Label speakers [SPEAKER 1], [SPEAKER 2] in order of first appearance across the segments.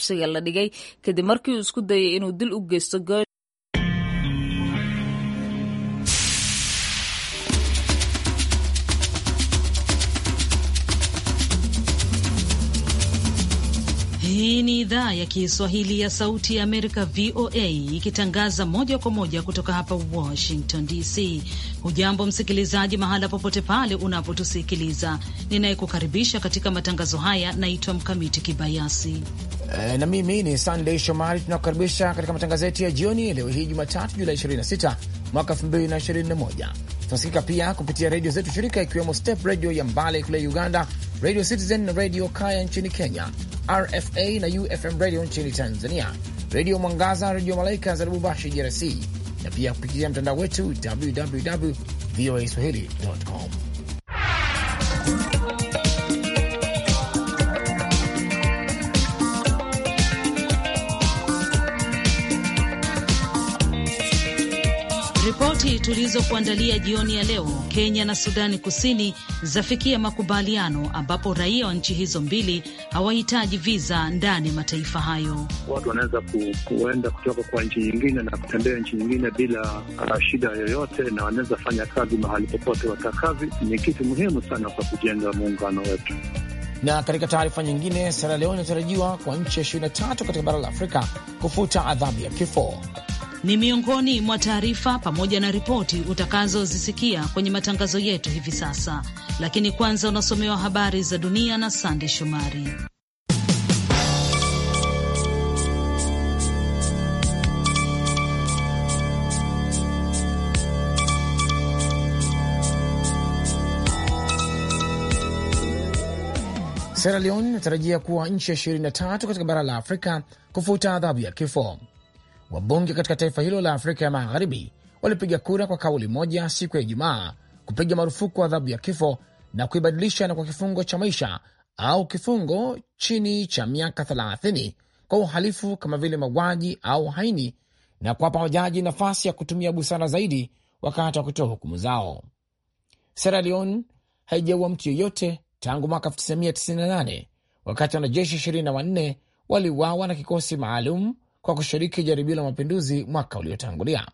[SPEAKER 1] qabsiga la dhigay kadib markii uu isku dayay inuu dil u geysto Hii ni idhaa ya Kiswahili ya Sauti ya Amerika, VOA, ikitangaza moja kwa moja kutoka hapa Washington DC. Hujambo msikilizaji, mahala popote pale unapotusikiliza. Ninayekukaribisha katika matangazo haya naitwa Mkamiti Kibayasi
[SPEAKER 2] E, na mimi ni sandey Shomari. Tunakukaribisha katika matangazo yetu ya jioni leo hii Jumatatu Julai 26 mwaka 2021. Tunasikika pia kupitia redio zetu shirika ikiwemo Step redio ya Mbale kule Uganda, Radio Citizen na redio Kaya nchini Kenya, RFA na UFM radio nchini Tanzania, redio Mwangaza, redio Malaika za Lubumbashi DRC, na pia kupitia mtandao wetu www voa com.
[SPEAKER 1] habari tulizokuandalia jioni ya leo, Kenya na Sudani Kusini zafikia makubaliano ambapo raia wa nchi hizo mbili hawahitaji viza ndani ya mataifa
[SPEAKER 3] hayo. Watu wanaweza kuenda kutoka kwa nchi nyingine na kutembea nchi nyingine bila uh, shida yoyote, na wanaweza fanya kazi mahali popote watakazi. Ni kitu muhimu sana kwa
[SPEAKER 4] kujenga muungano wetu.
[SPEAKER 2] Na katika taarifa nyingine, Sierra Leone inatarajiwa kwa nchi ya 23 katika bara la Afrika kufuta adhabu ya kifo
[SPEAKER 1] ni miongoni mwa taarifa pamoja na ripoti utakazozisikia kwenye matangazo yetu hivi sasa, lakini kwanza unasomewa habari za dunia na Sande Shomari.
[SPEAKER 2] Sierra Leone inatarajia kuwa nchi ya 23 katika bara la Afrika kufuta adhabu ya kifo. Wabunge katika taifa hilo la Afrika ya Magharibi walipiga kura kwa kauli moja siku ya Ijumaa kupiga marufuku adhabu ya kifo na kuibadilisha na kwa kifungo cha maisha au kifungo chini cha miaka 30 kwa uhalifu kama vile mauaji au haini, na kuwapa wajaji nafasi ya kutumia busara zaidi wakati wa kutoa hukumu zao. Sierra Leone haijaua mtu yeyote tangu mwaka 1998 wakati wanajeshi 24 waliuawa na kikosi maalum kwa kushiriki jaribio la mapinduzi mwaka uliotangulia.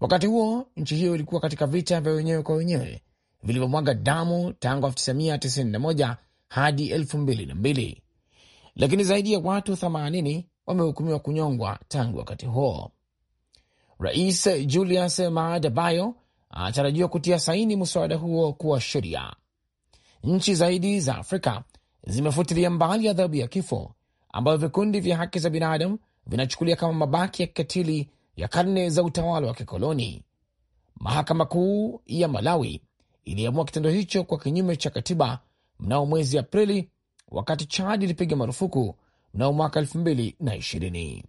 [SPEAKER 2] Wakati huo nchi hiyo ilikuwa katika vita vya wenyewe kwa wenyewe vilivyomwaga damu tangu 1991 hadi 2002, lakini zaidi ya watu 80 wamehukumiwa kunyongwa tangu wakati huo. Rais Julius Maada Bio anatarajiwa kutia saini mswada huo kuwa sheria. Nchi zaidi za Afrika zimefutilia mbali adhabu ya kifo ambayo vikundi vya haki za binadamu vinachukulia kama mabaki ya kikatili ya karne za utawala wa kikoloni. Mahakama Kuu ya Malawi iliamua kitendo hicho kwa kinyume cha katiba mnao mwezi Aprili, wakati Chad ilipiga marufuku mnao mwaka elfu mbili na ishirini.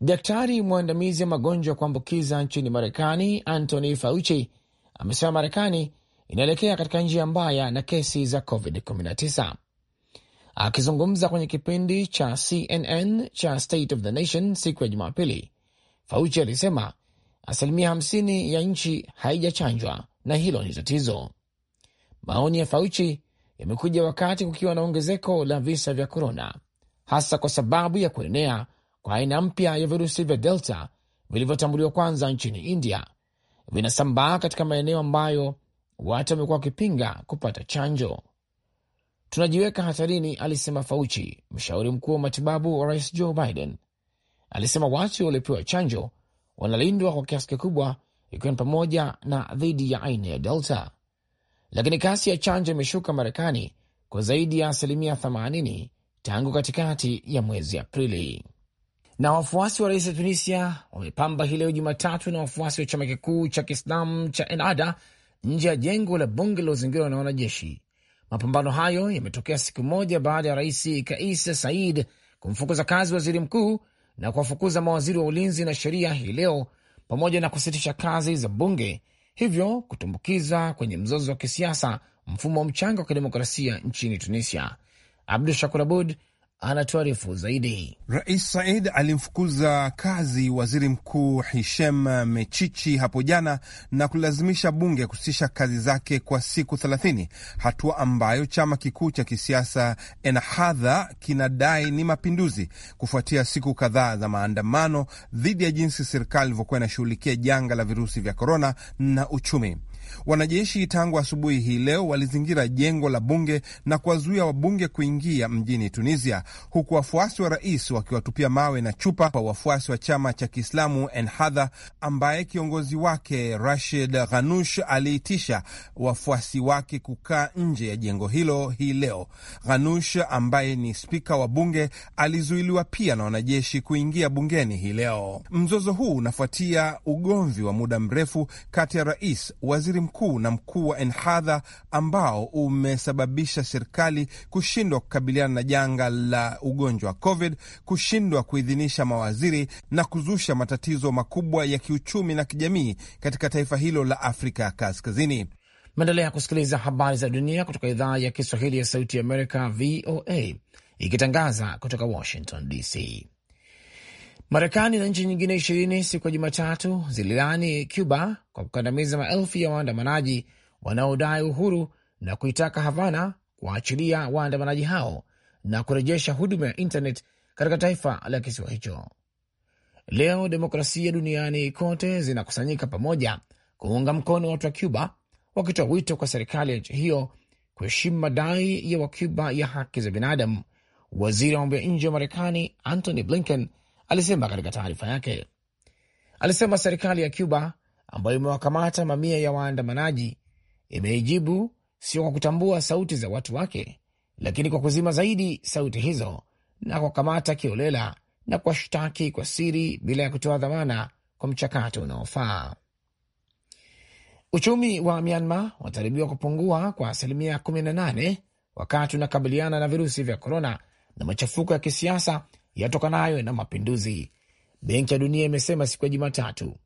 [SPEAKER 2] Daktari mwandamizi wa magonjwa ya kuambukiza nchini Marekani Anthony Fauci amesema Marekani inaelekea katika njia mbaya na kesi za COVID-19. Akizungumza kwenye kipindi cha CNN cha State of the Nation siku ya Jumapili, Fauci alisema asilimia 50 ya nchi haijachanjwa na hilo ni tatizo. Maoni ya Fauci yamekuja wakati kukiwa na ongezeko la visa vya korona, hasa kwa sababu ya kuenea kwa aina mpya ya virusi vya Delta vilivyotambuliwa kwanza nchini India, vinasambaa katika maeneo ambayo watu wamekuwa wakipinga kupata chanjo tunajiweka hatarini, alisema fauchi mshauri mkuu wa matibabu wa rais Joe Biden. Alisema watu waliopewa chanjo wanalindwa kwa kiasi kikubwa, ikiwa ni pamoja na dhidi ya aina ya Delta, lakini kasi ya chanjo imeshuka Marekani kwa zaidi ya asilimia 80 tangu katikati ya mwezi Aprili. Na wafuasi wa rais wa Tunisia wamepamba hii leo Jumatatu na wafuasi wa chama kikuu cha Kiislamu cha Ennahda nje ya jengo la bunge lilozingirwa na wanajeshi Mapambano hayo yametokea siku moja baada ya rais Kais said kumfukuza kazi waziri mkuu na kuwafukuza mawaziri wa ulinzi na sheria hii leo, pamoja na kusitisha kazi za bunge, hivyo kutumbukiza kwenye mzozo wa kisiasa mfumo wa mchanga wa kidemokrasia nchini Tunisia. Abdu Shakur Abud anatuarifu zaidi.
[SPEAKER 5] Rais Said alimfukuza kazi waziri mkuu Hishem Mechichi hapo jana na kulazimisha bunge kusitisha kazi zake kwa siku thelathini, hatua ambayo chama kikuu cha kisiasa enhadha kinadai ni mapinduzi kufuatia siku kadhaa za maandamano dhidi ya jinsi serikali ilivyokuwa inashughulikia janga la virusi vya korona na uchumi. Wanajeshi tangu asubuhi hii leo walizingira jengo la bunge na kuwazuia wabunge kuingia mjini Tunisia, huku wafuasi wa rais wakiwatupia mawe na chupa kwa wafuasi wa chama cha Kiislamu Ennahda ambaye kiongozi wake Rashid Ghanush aliitisha wafuasi wake kukaa nje ya jengo hilo hii leo. Ghanush ambaye ni spika wa bunge alizuiliwa pia na wanajeshi kuingia bungeni hii leo. Mzozo huu unafuatia ugomvi wa muda mrefu kati ya rais, waziri waziri mkuu na mkuu wa enhadha ambao umesababisha serikali kushindwa kukabiliana na janga la ugonjwa wa COVID, kushindwa kuidhinisha mawaziri na kuzusha matatizo makubwa ya kiuchumi na kijamii katika taifa hilo la Afrika Kaskazini. Maendelea kusikiliza habari
[SPEAKER 2] za dunia kutoka idhaa ya Kiswahili ya Sauti ya Amerika, VOA, ikitangaza kutoka Washington DC. Marekani na nchi nyingine ishirini siku ya Jumatatu zililaani Cuba kwa kukandamiza maelfu ya waandamanaji wanaodai uhuru na kuitaka Havana kuwaachilia waandamanaji hao na kurejesha huduma ya intanet katika taifa la kisiwa hicho. Leo demokrasia duniani kote zinakusanyika pamoja kuunga mkono watu wa Cuba, wakitoa wito kwa serikali ya nchi hiyo kuheshimu madai ya Wacuba ya haki za binadamu. Waziri wa mambo ya nje wa Marekani Antony Blinken alisema katika taarifa yake. Alisema serikali ya Cuba ambayo imewakamata mamia ya waandamanaji imeijibu sio kwa kutambua sauti za watu wake, lakini kwa kuzima zaidi sauti hizo na kuwakamata kiolela na kuwashtaki kwa siri bila ya kutoa dhamana kwa mchakato unaofaa. Uchumi wa Myanmar unatarajiwa kupungua kwa asilimia 18 wakati unakabiliana na virusi vya korona na machafuko ya kisiasa yatokanayo na mapinduzi, Benki ya Dunia imesema siku ya Jumatatu.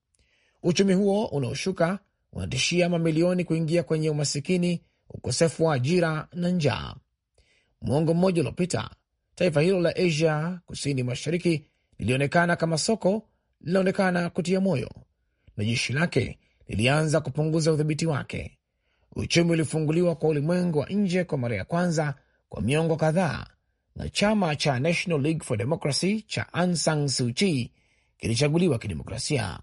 [SPEAKER 2] Uchumi huo unaoshuka unatishia mamilioni kuingia kwenye umasikini, ukosefu wa ajira na njaa. Mwongo mmoja uliopita, taifa hilo la Asia kusini mashariki lilionekana kama soko linaonekana kutia moyo, na jeshi lake lilianza kupunguza udhibiti wake. Uchumi ulifunguliwa kwa ulimwengu wa nje kwa mara ya kwanza kwa miongo kadhaa na chama cha National League for Democracy cha Aung San Suu Kyi kilichaguliwa kidemokrasia.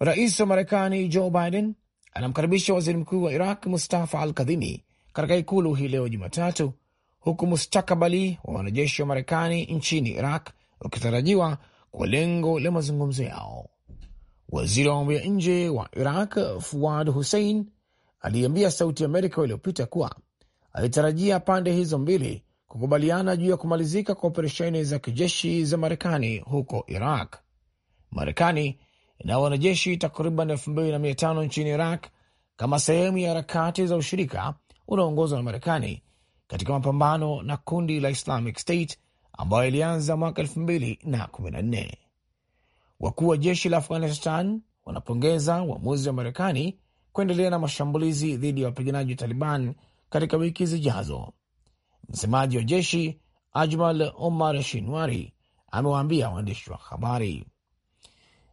[SPEAKER 2] Rais wa Marekani Joe Biden anamkaribisha waziri mkuu wa Iraq Mustafa Al Kadhimi katika ikulu hii leo Jumatatu, huku mustakabali wa wanajeshi wa Marekani nchini Iraq ukitarajiwa kwa lengo la mazungumzo yao. Waziri wa mambo ya nje wa Iraq Fuad Hussein aliambia Sauti Amerika iliyopita kuwa alitarajia pande hizo mbili kukubaliana juu ya kumalizika kwa operesheni za kijeshi za Marekani huko Iraq. Marekani ina wanajeshi takriban elfu mbili na mia tano nchini Iraq kama sehemu ya harakati za ushirika unaoongozwa na Marekani katika mapambano na kundi la Islamic State ambayo ilianza mwaka elfu mbili na kumi na nne. Wakuu wa jeshi la Afghanistan wanapongeza uamuzi wa Marekani kuendelea na mashambulizi dhidi ya wapiganaji wa Taliban katika wiki zijazo. Msemaji wa jeshi Ajmal Omar Shinwari amewaambia waandishi wa habari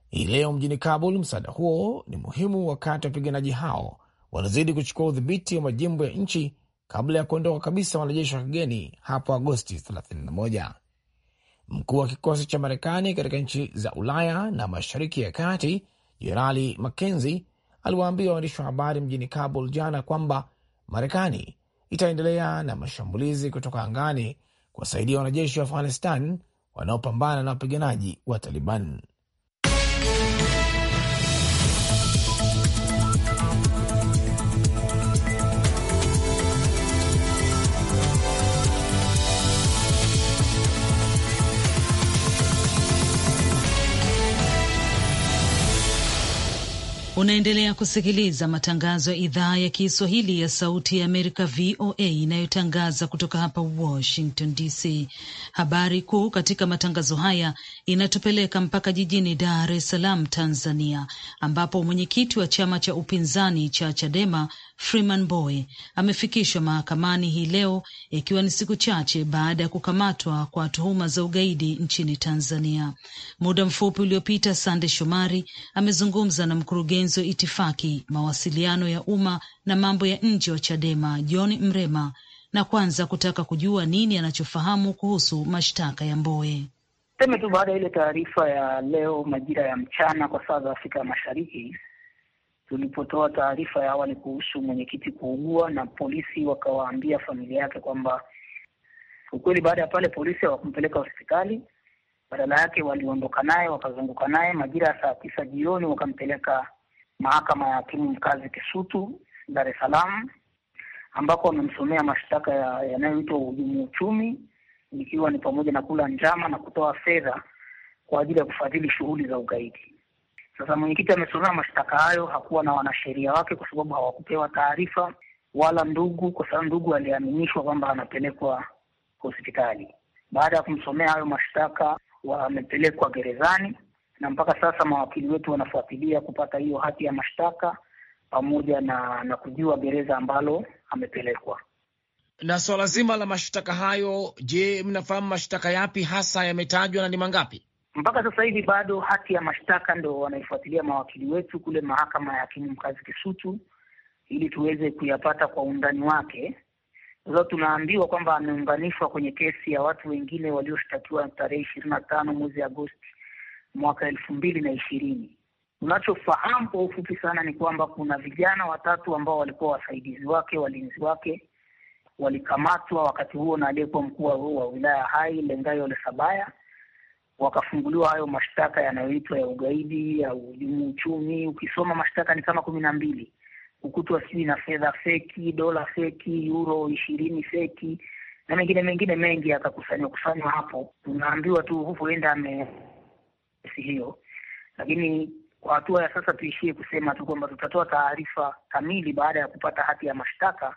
[SPEAKER 2] hii leo mjini Kabul. Msaada huo ni muhimu wakati wapiganaji hao wanazidi kuchukua udhibiti wa majimbo ya nchi kabla ya kuondoka kabisa wanajeshi wa kigeni hapo Agosti 31. Mkuu wa kikosi cha Marekani katika nchi za Ulaya na Mashariki ya Kati Jenerali Mackenzie aliwaambia waandishi wa habari mjini Kabul jana kwamba Marekani itaendelea na mashambulizi kutoka angani kuwasaidia wanajeshi wa Afghanistan wanaopambana na wapiganaji wa Taliban.
[SPEAKER 1] Unaendelea kusikiliza matangazo ya idhaa ya Kiswahili ya Sauti ya Amerika, VOA, inayotangaza kutoka hapa Washington DC. Habari kuu katika matangazo haya inatupeleka mpaka jijini Dar es Salaam, Tanzania, ambapo mwenyekiti wa chama cha upinzani cha CHADEMA Freeman Mbowe amefikishwa mahakamani hii leo ikiwa ni siku chache baada ya kukamatwa kwa tuhuma za ugaidi nchini Tanzania. Muda mfupi uliopita, Sande Shomari amezungumza na mkurugenzi wa itifaki, mawasiliano ya umma na mambo ya nje wa Chadema John Mrema, na kwanza kutaka kujua nini anachofahamu kuhusu mashtaka ya Mbowe.
[SPEAKER 6] Seme tu baada ya ile taarifa ya leo majira ya mchana kwa saa za Afrika ya Mashariki tulipotoa taarifa ya awali kuhusu mwenyekiti kuugua na polisi wakawaambia familia yake kwamba ukweli, baada ya pale polisi hawakumpeleka hospitali, badala yake waliondoka naye wakazunguka naye. Majira ya saa tisa jioni wakampeleka mahakama ya hakimu mkazi Kisutu, Dar es Salaam, ambako wamemsomea mashtaka yanayoitwa ya uhujumu uchumi, ikiwa ni pamoja na kula njama na kutoa fedha kwa ajili ya kufadhili shughuli za ugaidi. Sasa mwenyekiti amesomea mashtaka hayo, hakuwa na wanasheria wake kwa sababu hawakupewa taarifa, wala ndugu, kwa sababu ndugu aliaminishwa kwamba anapelekwa hospitali. Baada ya kumsomea hayo mashtaka, wamepelekwa gerezani, na mpaka sasa mawakili wetu wanafuatilia kupata hiyo hati ya mashtaka pamoja na, na kujua gereza ambalo amepelekwa
[SPEAKER 2] na swala zima la mashtaka hayo. Je, mnafahamu mashtaka yapi hasa yametajwa na ni mangapi?
[SPEAKER 6] Mpaka sasa hivi bado hati ya mashtaka ndo wanaifuatilia mawakili wetu kule mahakama ya hakimu mkazi Kisutu ili tuweze kuyapata kwa undani wake. Sasa tunaambiwa kwamba ameunganishwa kwenye kesi ya watu wengine walioshtakiwa tarehe ishirini na tano mwezi Agosti mwaka elfu mbili na ishirini. Tunachofahamu kwa ufupi sana ni kwamba kuna vijana watatu ambao walikuwa wasaidizi wake, walinzi wake, walikamatwa wakati huo na aliyekuwa mkuu wa wilaya Hai Lengai Ole Sabaya wakafunguliwa hayo mashtaka yanayoitwa ya ugaidi au uhujumu uchumi. Ukisoma mashtaka ni kama kumi na mbili, kukutwa sijui na fedha feki, dola feki, euro ishirini feki na mengine mengine mengi yakakusanywa kufanywa hapo. Tunaambiwa tu huenda ame kesi hiyo, lakini kwa hatua ya sasa tuishie kusema tu kwamba tutatoa taarifa kamili baada ya kupata hati ya mashtaka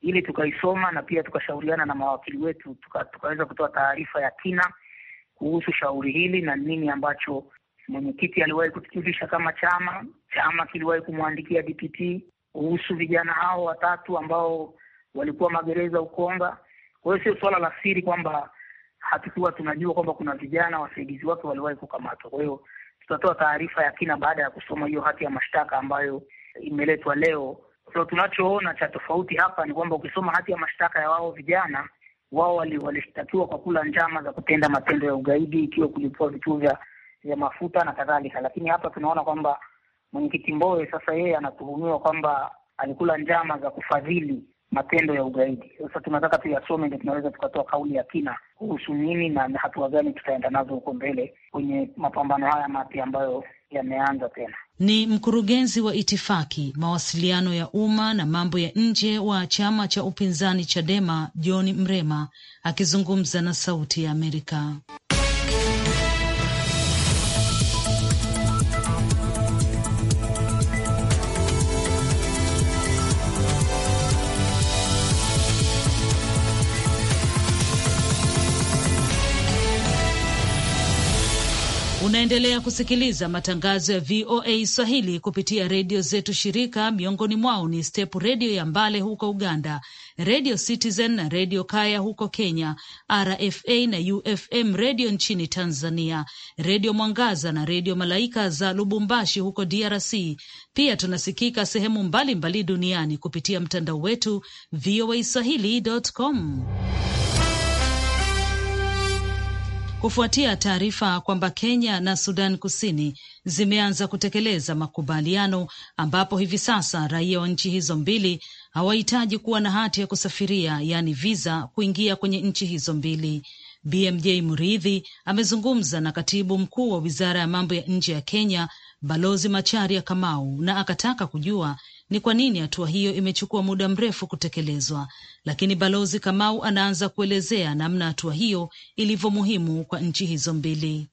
[SPEAKER 6] ili tukaisoma na pia tukashauriana na mawakili wetu tuka, tukaweza kutoa taarifa ya kina kuhusu shauri hili na nini ambacho mwenyekiti aliwahi kutujulisha kama chama. Chama kiliwahi kumwandikia DPP kuhusu vijana hao watatu ambao walikuwa magereza Ukonga. Kwa hiyo sio suala la siri kwamba hatukuwa tunajua kwamba kuna vijana wasaidizi wake waliwahi kukamatwa. Kwa hiyo tutatoa taarifa ya kina baada ya kusoma hiyo hati ya mashtaka ambayo imeletwa leo. So tunachoona cha tofauti hapa ni kwamba ukisoma hati ya mashtaka ya wao vijana wao walishtakiwa kwa kula njama za kutenda matendo ya ugaidi, ikiwa kulipua vituo vya mafuta na kadhalika. Lakini hapa tunaona kwamba mwenyekiti Mbowe sasa yeye anatuhumiwa kwamba alikula njama za kufadhili matendo ya ugaidi. Sasa tunataka tuyasome, ndio tunaweza tukatoa kauli ya kina kuhusu nini na hatua gani tutaenda nazo huko mbele kwenye mapambano haya mapya ambayo yameanza tena.
[SPEAKER 1] Ni mkurugenzi wa itifaki, mawasiliano ya umma na mambo ya nje wa chama cha upinzani Chadema, John Mrema akizungumza na Sauti ya Amerika. Unaendelea kusikiliza matangazo ya VOA Swahili kupitia redio zetu shirika, miongoni mwao ni Step redio ya Mbale huko Uganda, redio Citizen na redio Kaya huko Kenya, RFA na UFM redio nchini Tanzania, redio Mwangaza na redio Malaika za Lubumbashi huko DRC. Pia tunasikika sehemu mbalimbali mbali duniani kupitia mtandao wetu voa swahili.com kufuatia taarifa kwamba Kenya na Sudan Kusini zimeanza kutekeleza makubaliano ambapo hivi sasa raia wa nchi hizo mbili hawahitaji kuwa na hati ya kusafiria yaani visa kuingia kwenye nchi hizo mbili. BMJ Muridhi amezungumza na katibu mkuu wa wizara ya mambo ya nje ya Kenya Balozi Macharia Kamau, na akataka kujua ni kwa nini hatua hiyo imechukua muda mrefu kutekelezwa. Lakini Balozi Kamau anaanza kuelezea namna hatua hiyo ilivyo muhimu kwa nchi hizo mbili.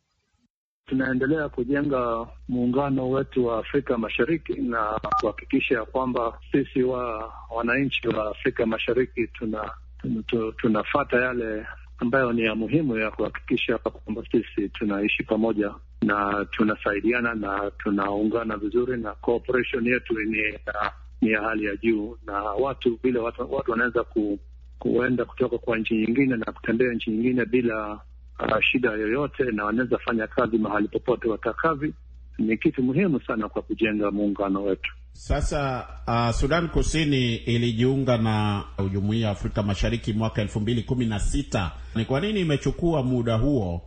[SPEAKER 3] Tunaendelea kujenga muungano wetu wa Afrika Mashariki na kuhakikisha kwamba sisi wa wananchi wa Afrika Mashariki tuna tunafata yale ambayo ni ya muhimu ya kuhakikisha kwamba sisi tunaishi pamoja na tunasaidiana na tunaungana vizuri, na cooperation yetu ni ya, ni ya hali ya juu, na watu vile watu, watu wanaweza ku, kuenda kutoka kwa nchi nyingine na kutembea nchi nyingine bila uh, shida yoyote, na wanaweza fanya kazi mahali popote watakavyo. Ni kitu muhimu sana kwa kujenga muungano wetu.
[SPEAKER 7] Sasa uh, Sudan Kusini ilijiunga na Jumuiya ya Afrika Mashariki mwaka elfu mbili kumi na sita. Ni kwa nini imechukua muda huo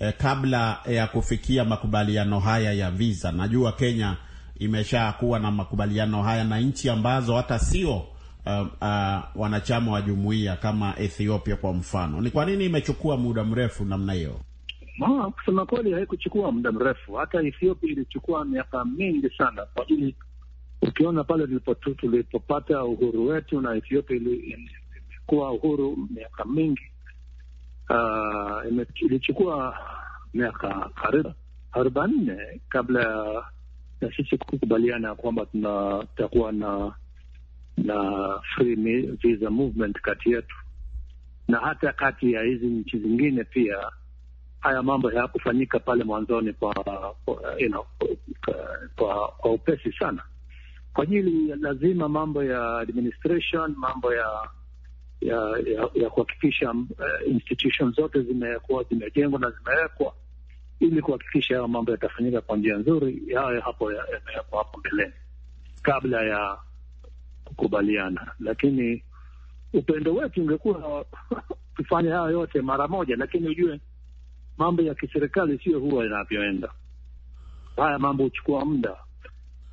[SPEAKER 7] eh, kabla ya kufikia makubaliano haya ya visa? Najua Kenya imeshakuwa na makubaliano haya na nchi ambazo hata sio uh, uh, wanachama wa jumuiya kama Ethiopia kwa mfano. Ni kwa nini imechukua muda mrefu namna hiyo?
[SPEAKER 3] Kusema kweli, haikuchukua muda mrefu. Hata Ethiopia ilichukua miaka mingi sana kwa ajili Ukiona pale tulipopata uhuru wetu na Ethiopia imekuwa uhuru miaka mingi, uh, ilichukua miaka karibu arobaini nne kabla ya sisi kukubaliana ya kwamba tunatakuwa na na free visa movement kati yetu na hata kati ya hizi nchi zingine pia. Haya mambo hayakufanyika pale mwanzoni kwa, kwa, you know, kwa, kwa upesi sana kwa hili lazima mambo ya administration, mambo ya ya, ya, ya kuhakikisha uh, institution zote zimekuwa zimejengwa na zimewekwa ili kuhakikisha hayo mambo yatafanyika kwa njia nzuri. yayo hapo yamewekwa hapo mbeleni kabla ya kukubaliana, lakini upendo wetu ungekuwa kufanya hayo yote mara moja, lakini ujue mambo ya kiserikali sio huwa yanavyoenda. Haya mambo huchukua muda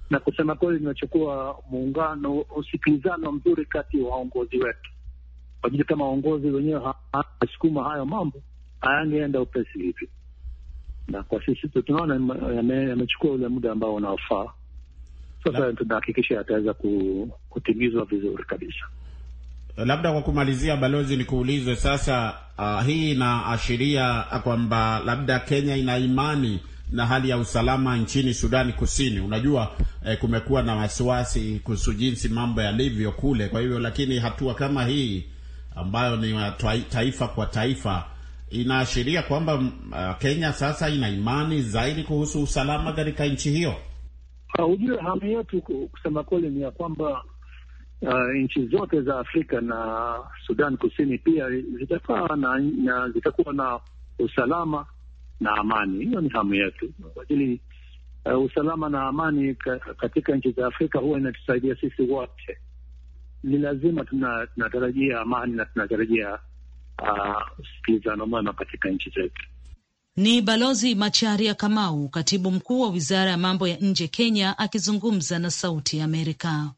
[SPEAKER 3] na kusema kweli, nimechukua muungano usikilizano mzuri kati ya waongozi wetu, kwa jili kama waongozi wenyewe hawasukuma hayo mambo hayangeenda upesi hivi, na kwa sisi tunaona yamechukua ule muda ambao unaofaa. Sasa tunahakikisha yataweza kutimizwa vizuri kabisa.
[SPEAKER 7] Labda kwa kumalizia, balozi, nikuulize sasa, uh, hii inaashiria kwamba labda Kenya ina imani na hali ya usalama nchini Sudani Kusini. Unajua eh, kumekuwa na wasiwasi kuhusu jinsi mambo yalivyo kule. Kwa hivyo, lakini hatua kama hii ambayo ni taifa kwa taifa inaashiria kwamba uh, Kenya sasa ina imani zaidi kuhusu usalama katika nchi hiyo.
[SPEAKER 3] Hujue, ah, hamu yetu kusema kweli ni ya kwamba uh, nchi zote za Afrika na Sudan Kusini pia zitafaa na, na zitakuwa na usalama na amani. Hiyo ni hamu yetu kwa ajili uh, eh, usalama na amani ka, katika nchi za Afrika huwa inatusaidia sisi wote. Ni lazima tuna, tunatarajia amani na tunatarajia ah, usikilizano uh, mwema
[SPEAKER 4] katika nchi zetu.
[SPEAKER 1] Ni Balozi Macharia Kamau, katibu mkuu wa wizara ya mambo ya nje Kenya, akizungumza na Sauti ya Amerika.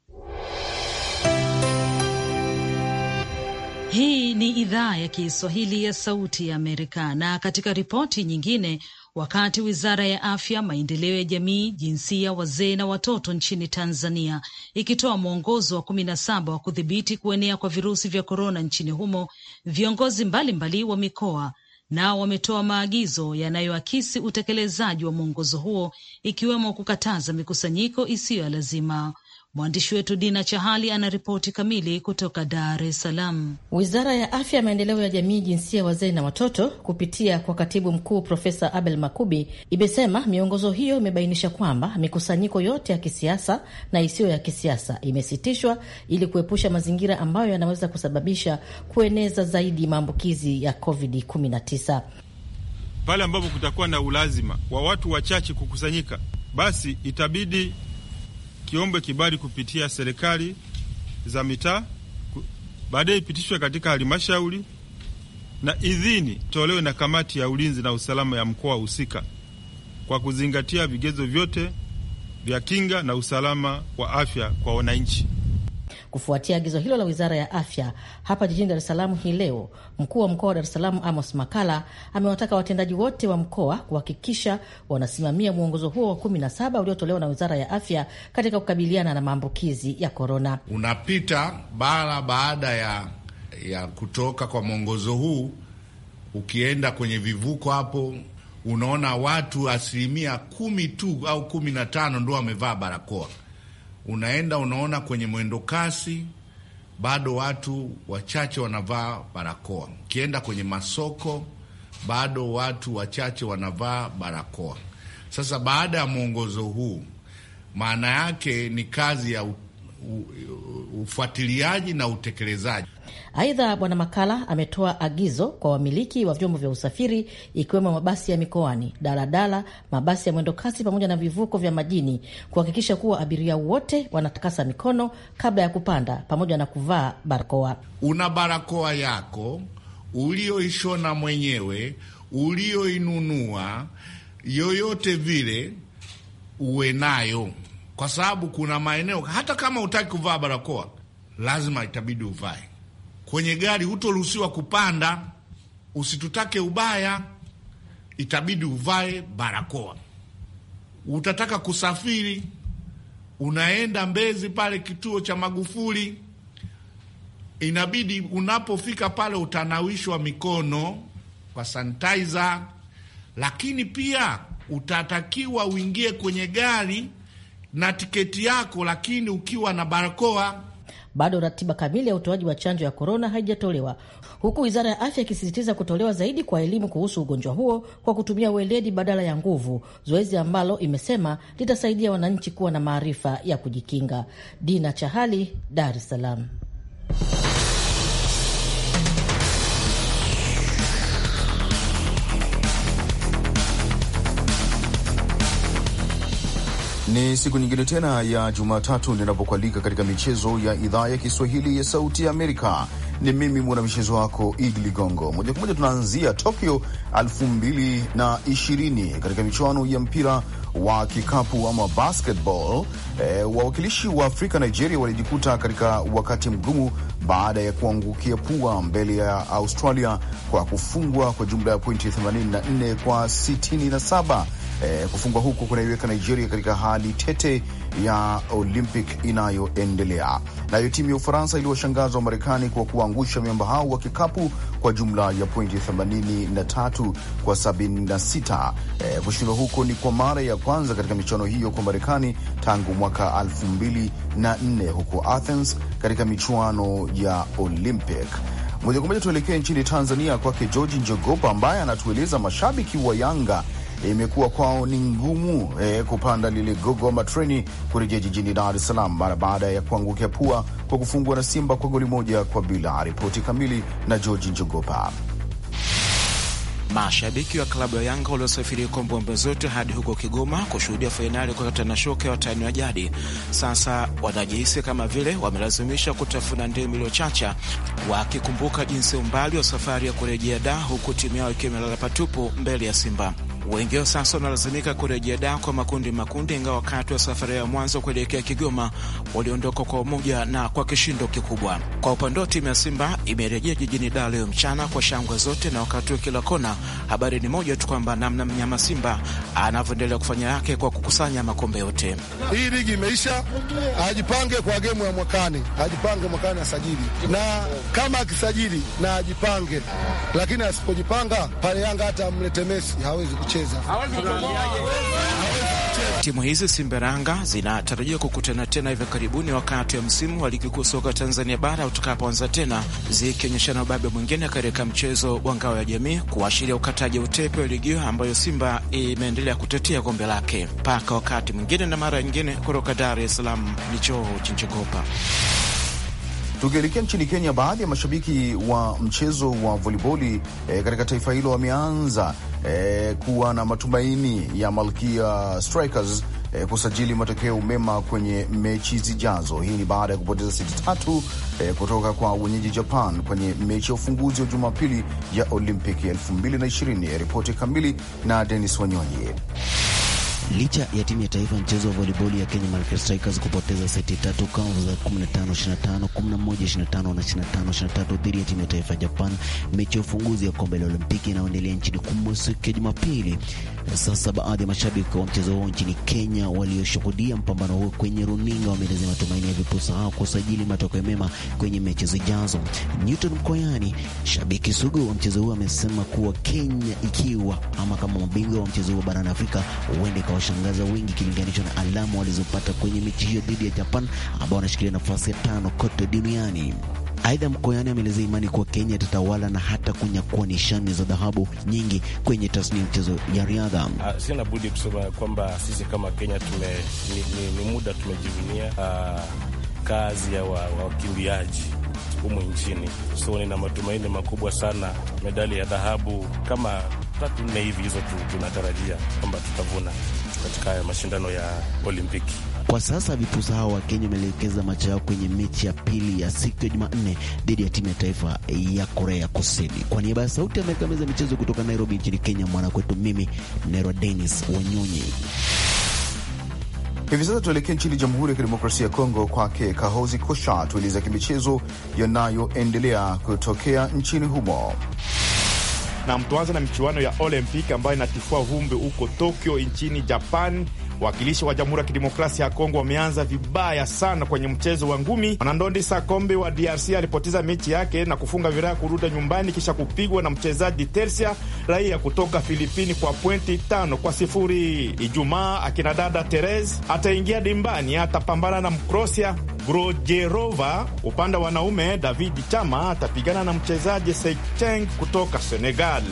[SPEAKER 1] Hii ni idhaa ya Kiswahili ya Sauti ya Amerika. Na katika ripoti nyingine, wakati wizara ya afya, maendeleo ya jamii, jinsia, wazee na watoto nchini Tanzania ikitoa mwongozo wa kumi na saba wa kudhibiti kuenea kwa virusi vya korona nchini humo, viongozi mbalimbali mbali wa mikoa nao wametoa maagizo yanayoakisi utekelezaji wa mwongozo huo, ikiwemo kukataza mikusanyiko isiyo ya lazima. Mwandishi wetu Dina Chahali ana ripoti kamili
[SPEAKER 8] kutoka Dar es Salaam. Wizara ya Afya ya Maendeleo ya Jamii, Jinsia, Wazee na Watoto kupitia kwa katibu mkuu Profesa Abel Makubi imesema miongozo hiyo imebainisha kwamba mikusanyiko yote ya kisiasa na isiyo ya kisiasa imesitishwa ili kuepusha mazingira ambayo yanaweza kusababisha kueneza zaidi maambukizi ya COVID-19.
[SPEAKER 9] Pale ambapo kutakuwa na ulazima wa watu wachache kukusanyika, basi itabidi kiombe kibali kupitia serikali za mitaa, baadaye ipitishwe katika halmashauri na idhini tolewe na kamati ya ulinzi na usalama ya mkoa husika kwa kuzingatia vigezo vyote vya kinga na usalama wa afya kwa wananchi.
[SPEAKER 8] Kufuatia agizo hilo la wizara ya afya, hapa jijini Dar es Salaam hii leo, mkuu wa mkoa wa Dar es Salaam Amos Makala amewataka watendaji wote wa mkoa kuhakikisha wanasimamia mwongozo huo wa kumi na saba uliotolewa na wizara ya afya katika kukabiliana na maambukizi ya korona.
[SPEAKER 10] Unapita bara baada ya, ya kutoka kwa mwongozo huu, ukienda kwenye vivuko hapo unaona watu asilimia kumi tu au kumi na tano ndo wamevaa barakoa unaenda unaona kwenye mwendo kasi bado watu wachache wanavaa barakoa. Ukienda kwenye masoko bado watu wachache wanavaa barakoa. Sasa baada ya mwongozo huu, maana yake ni kazi ya ufuatiliaji
[SPEAKER 8] na utekelezaji. Aidha, Bwana Makala ametoa agizo kwa wamiliki wa vyombo vya usafiri ikiwemo mabasi ya mikoani, daladala, mabasi ya mwendokasi pamoja na vivuko vya majini kuhakikisha kuwa abiria wote wanatakasa mikono kabla ya kupanda pamoja na kuvaa barakoa.
[SPEAKER 10] Una barakoa yako ulioishona mwenyewe, ulioinunua, yoyote vile uwe nayo kwa sababu kuna maeneo hata kama hutaki kuvaa barakoa lazima itabidi uvae. Kwenye gari hutoruhusiwa kupanda, usitutake ubaya, itabidi uvae barakoa. Utataka kusafiri, unaenda Mbezi pale kituo cha Magufuli, inabidi unapofika pale utanawishwa mikono kwa sanitizer, lakini pia utatakiwa uingie kwenye gari na tiketi yako, lakini ukiwa na barakoa.
[SPEAKER 8] Bado ratiba kamili ya utoaji wa chanjo ya korona haijatolewa, huku wizara ya afya ikisisitiza kutolewa zaidi kwa elimu kuhusu ugonjwa huo kwa kutumia weledi badala ya nguvu, zoezi ambalo imesema litasaidia wananchi kuwa na maarifa ya kujikinga. Dina Chahali, Dar es Salaam.
[SPEAKER 11] Ni siku nyingine tena ya Jumatatu ninapokualika katika michezo ya idhaa ya Kiswahili ya Sauti ya Amerika. Ni mimi mwanamchezo wako Idi Ligongo. Moja kwa moja tunaanzia Tokyo 2020 katika michuano ya mpira wa kikapu ama basketball. E, wawakilishi wa Afrika Nigeria walijikuta katika wakati mgumu baada ya kuangukia pua mbele ya Australia kwa kufungwa kwa jumla ya pointi 84 kwa 67. E, kufungwa huko kunaiweka Nigeria katika hali tete ya Olympic inayoendelea. Nayo timu ya Ufaransa iliwashangaza wa Marekani kwa kuangusha miamba hao wa kikapu kwa jumla ya pointi 83 kwa 76. E, kushindwa huko ni kwa mara ya kwanza katika michuano hiyo kwa Marekani tangu mwaka 2004 huko Athens katika michuano ya Olympic. Moja kwa moja tuelekee nchini Tanzania, kwake George Njogopa ambaye anatueleza mashabiki wa Yanga imekuwa kwao ni ngumu eh, kupanda lile gogo ama treni kurejea jijini Dar es Salaam mara baada ya kuangukia pua kwa kufungwa na Simba kwa goli moja kwa bila. Ripoti kamili na George Njogopa.
[SPEAKER 12] Mashabiki wa klabu ya Yanga waliosafiri kombombwe zote hadi huko Kigoma kushuhudia fainali kukata na shoke ya watani wa jadi, sasa wanajihisi kama vile wamelazimisha kutafuna ndimu iliyochacha, wakikumbuka jinsi umbali wa safari ya kurejea da, huku timu yao ikiwa imelala patupu mbele ya Simba. Wengi wa sasa wanalazimika kurejea Daa kwa makundi makundi, ingawa wakati wa safari ya mwanzo kuelekea Kigoma waliondoka kwa umoja na kwa kishindo kikubwa. Kwa upande wa timu ya Simba imerejea jijini Daa leo mchana kwa shangwe zote, na wakati wa kila kona habari ni moja tu kwamba namna mnyama Simba anavyoendelea kufanya yake kwa kukusanya makombe
[SPEAKER 11] yote. Hii ligi imeisha, ajipange kwa gemu ya mwakani, ajipange mwakani asajili, na kama akisajili na ajipange, lakini asipojipanga pale Yanga hata amlete Messi hawezi kucheza. Timu hizi
[SPEAKER 12] Simberanga zinatarajiwa kukutana tena hivi karibuni wakati wa msimu wa ligi kuu soka Tanzania bara utakapoanza tena, zikionyeshana ubabe mwingine katika mchezo wa ngao ya jamii, kuashiria ukataji wa utepe wa ligi ambayo Simba imeendelea kutetea kombe lake. Mpaka wakati mwingine na mara nyingine, kutoka Dar es Salaam ni Choo Chinjogopa.
[SPEAKER 11] Tukielekea nchini Kenya, baadhi ya mashabiki wa mchezo wa voliboli e, katika taifa hilo wameanza e, kuwa na matumaini ya Malkia Strikers e, kusajili matokeo mema kwenye mechi zijazo. Hii ni baada ya kupoteza seti tatu e, kutoka kwa wenyeji Japan kwenye mechi ya ufunguzi wa Jumapili ya Olimpiki 2020. Ripoti kamili na Denis Wanyonyi.
[SPEAKER 13] Licha ya timu ya taifa mchezo wa volleyball ya Kenya Malkia Strikers kupoteza seti tatu kaunti za 15 25, 11 25 na 25 23 dhidi ya timu ya taifa ya Japan, mechi ya ufunguzi ya kombe la Olimpiki inaendelea nchini kumbo siku ya Jumapili. Sasa baadhi ya mashabiki wa mchezo huo nchini Kenya walioshuhudia mpambano huo kwenye runinga wameelezea matumaini ya vipusa hao kusajili matokeo mema kwenye mechi zijazo. Newton Mkoyani, shabiki sugu wa mchezo huo, amesema kuwa Kenya ikiwa ama kama mabingwa wa mchezo huo barani Afrika huende kwa wamewashangaza wengi kilinganishwa na alama walizopata kwenye mechi hiyo dhidi ya Japan ambao wanashikilia nafasi ya tano kote duniani. Aidha, Mkoyani ameelezea imani kuwa Kenya itatawala na hata kunyakua nishani za dhahabu nyingi kwenye tasnia ya mchezo ya riadha.
[SPEAKER 7] Ah, sina budi kusema kwamba sisi kama Kenya tume, ni, ni, ni muda tumejivunia uh, kazi ya wakimbiaji wa humu nchini. So nina matumaini makubwa sana medali ya dhahabu kama tatu nne hivi, hizo tunatarajia kwamba tutavuna katika haya mashindano ya Olimpiki.
[SPEAKER 13] Kwa sasa vipusa hao wa Kenya wameelekeza macho yao kwenye mechi ya pili ya siku ya Jumanne dhidi ya timu ya taifa ya Korea Kusini. Kwa niaba ya Sauti ya Amerika, meza michezo kutoka Nairobi nchini Kenya, mwanakwetu mimi Nero Denis Wanyonyi.
[SPEAKER 11] Hivi sasa tuelekee nchini Jamhuri ya Kidemokrasia ya Kongo, kwake Kahozi Kosha tueleza kimichezo
[SPEAKER 9] yanayoendelea kutokea nchini humo na mtuanza na michuano ya Olympic ambayo inatifua vumbi huko Tokyo nchini Japan wakilishi wa Jamhuri ya Kidemokrasia ya Kongo wameanza vibaya sana kwenye mchezo wa ngumi. Mwanandondi Sakombe wa DRC alipoteza mechi yake na kufunga viraha kurudi nyumbani kisha kupigwa na mchezaji Tersia raia kutoka Filipini kwa pointi tano kwa sifuri. Ijumaa akina dada Teres ataingia dimbani, atapambana na Mkrosia Grojerova. Upande wa wanaume David Chama atapigana na mchezaji Seicheng kutoka Senegal.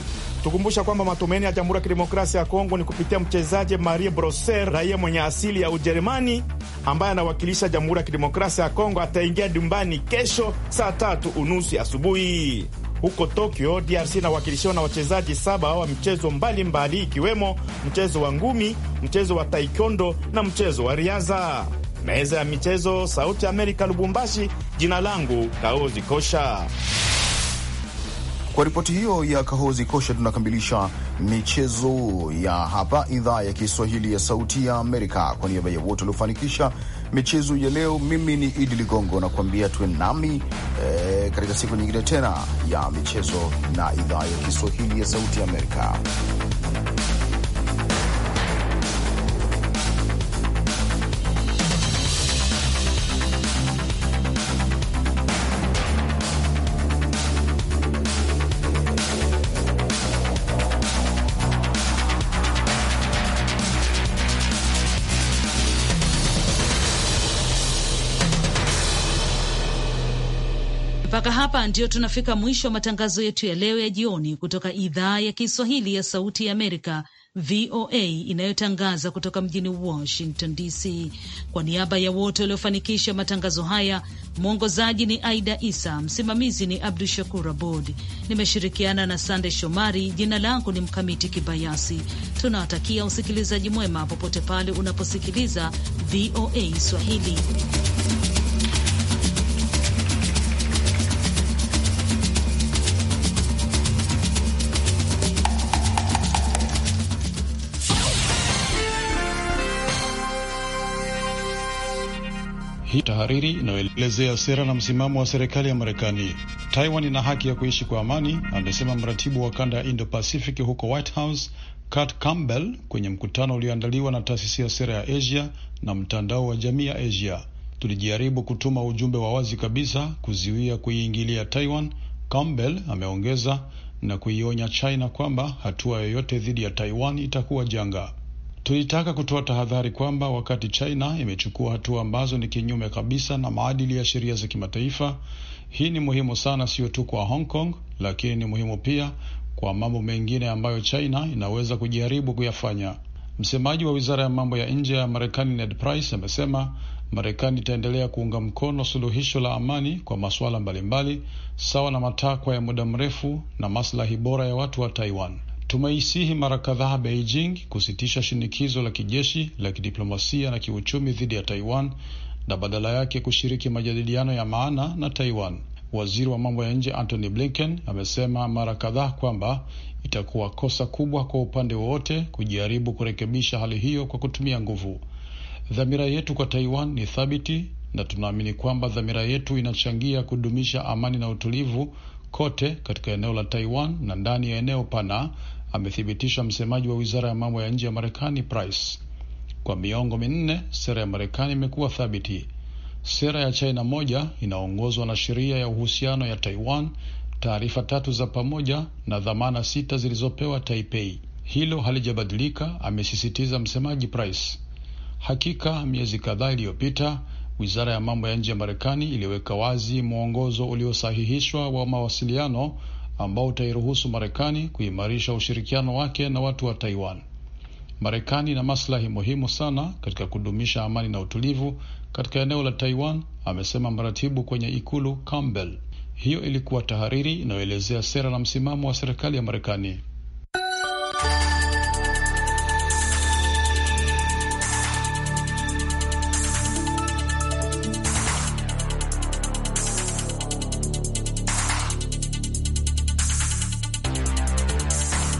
[SPEAKER 9] Tukumbusha kwamba matumaini ya Jamhuri ya Kidemokrasia ya Kongo ni kupitia mchezaji Marie Broser, raia mwenye asili ya Ujerumani ambaye anawakilisha Jamhuri ya Kidemokrasia ya Kongo. Ataingia dumbani kesho saa tatu unusu asubuhi huko Tokyo, DRC, inawakilishiwa na wachezaji saba wa mchezo mbalimbali ikiwemo mchezo wa ngumi, mchezo wa taekwondo na mchezo wa riadha. Meza ya michezo, Sauti ya Amerika, Lubumbashi. Jina langu Kaozi Kosha.
[SPEAKER 11] Kwa ripoti hiyo ya Kahozi Kosha, tunakamilisha michezo ya hapa idhaa ya Kiswahili ya Sauti ya Amerika. Kwa niaba ya wote waliofanikisha michezo ya leo, mimi ni Idi Ligongo nakuambia tuwe nami e, katika siku nyingine tena ya michezo na idhaa ya Kiswahili ya Sauti ya Amerika.
[SPEAKER 1] hapa ndiyo tunafika mwisho wa matangazo yetu ya leo ya jioni kutoka idhaa ya Kiswahili ya Sauti ya Amerika, VOA, inayotangaza kutoka mjini Washington DC. Kwa niaba ya wote waliofanikisha matangazo haya, mwongozaji ni Aida Isa, msimamizi ni Abdu Shakur Abod, nimeshirikiana na Sande Shomari. Jina langu ni Mkamiti Kibayasi. Tunawatakia usikilizaji mwema popote pale unaposikiliza VOA Swahili.
[SPEAKER 4] Hii tahariri inayoelezea sera na msimamo wa serikali ya Marekani. Taiwan ina haki ya kuishi kwa amani, amesema mratibu wa kanda ya Indo-Pacific huko White House Kurt Campbell kwenye mkutano ulioandaliwa na taasisi ya sera ya Asia na mtandao wa jamii ya Asia. Tulijaribu kutuma ujumbe wa wazi kabisa kuzuia kuiingilia Taiwan, Campbell ameongeza, na kuionya China kwamba hatua yoyote dhidi ya Taiwan itakuwa janga. Tulitaka kutoa tahadhari kwamba wakati China imechukua hatua ambazo ni kinyume kabisa na maadili ya sheria za kimataifa, hii ni muhimu sana, sio tu kwa Hong Kong, lakini ni muhimu pia kwa mambo mengine ambayo China inaweza kujaribu kuyafanya. Msemaji wa wizara ya mambo ya nje ya Marekani Ned Price amesema Marekani itaendelea kuunga mkono suluhisho la amani kwa masuala mbalimbali, sawa na matakwa ya muda mrefu na maslahi bora ya watu wa Taiwan. Tumeisihi mara kadhaa Beijing kusitisha shinikizo la kijeshi, la kidiplomasia na kiuchumi dhidi ya Taiwan na badala yake kushiriki majadiliano ya maana na Taiwan. Waziri wa mambo ya nje Antony Blinken amesema mara kadhaa kwamba itakuwa kosa kubwa kwa upande wowote kujaribu kurekebisha hali hiyo kwa kutumia nguvu. Dhamira yetu kwa Taiwan ni thabiti na tunaamini kwamba dhamira yetu inachangia kudumisha amani na utulivu kote katika eneo la Taiwan na ndani ya eneo pana, amethibitisha msemaji wa wizara ya mambo ya nje ya Marekani Price. Kwa miongo minne sera ya Marekani imekuwa thabiti. Sera ya China moja inaongozwa na sheria ya uhusiano ya Taiwan, taarifa tatu za pamoja na dhamana sita zilizopewa Taipei. Hilo halijabadilika, amesisitiza msemaji Price. Hakika miezi kadhaa iliyopita wizara ya mambo ya nje ya Marekani iliweka wazi mwongozo uliosahihishwa wa mawasiliano ambao utairuhusu Marekani kuimarisha ushirikiano wake na watu wa Taiwan. Marekani ina maslahi muhimu sana katika kudumisha amani na utulivu katika eneo la Taiwan, amesema mratibu kwenye ikulu Campbell. Hiyo ilikuwa tahariri inayoelezea sera na msimamo wa serikali ya Marekani.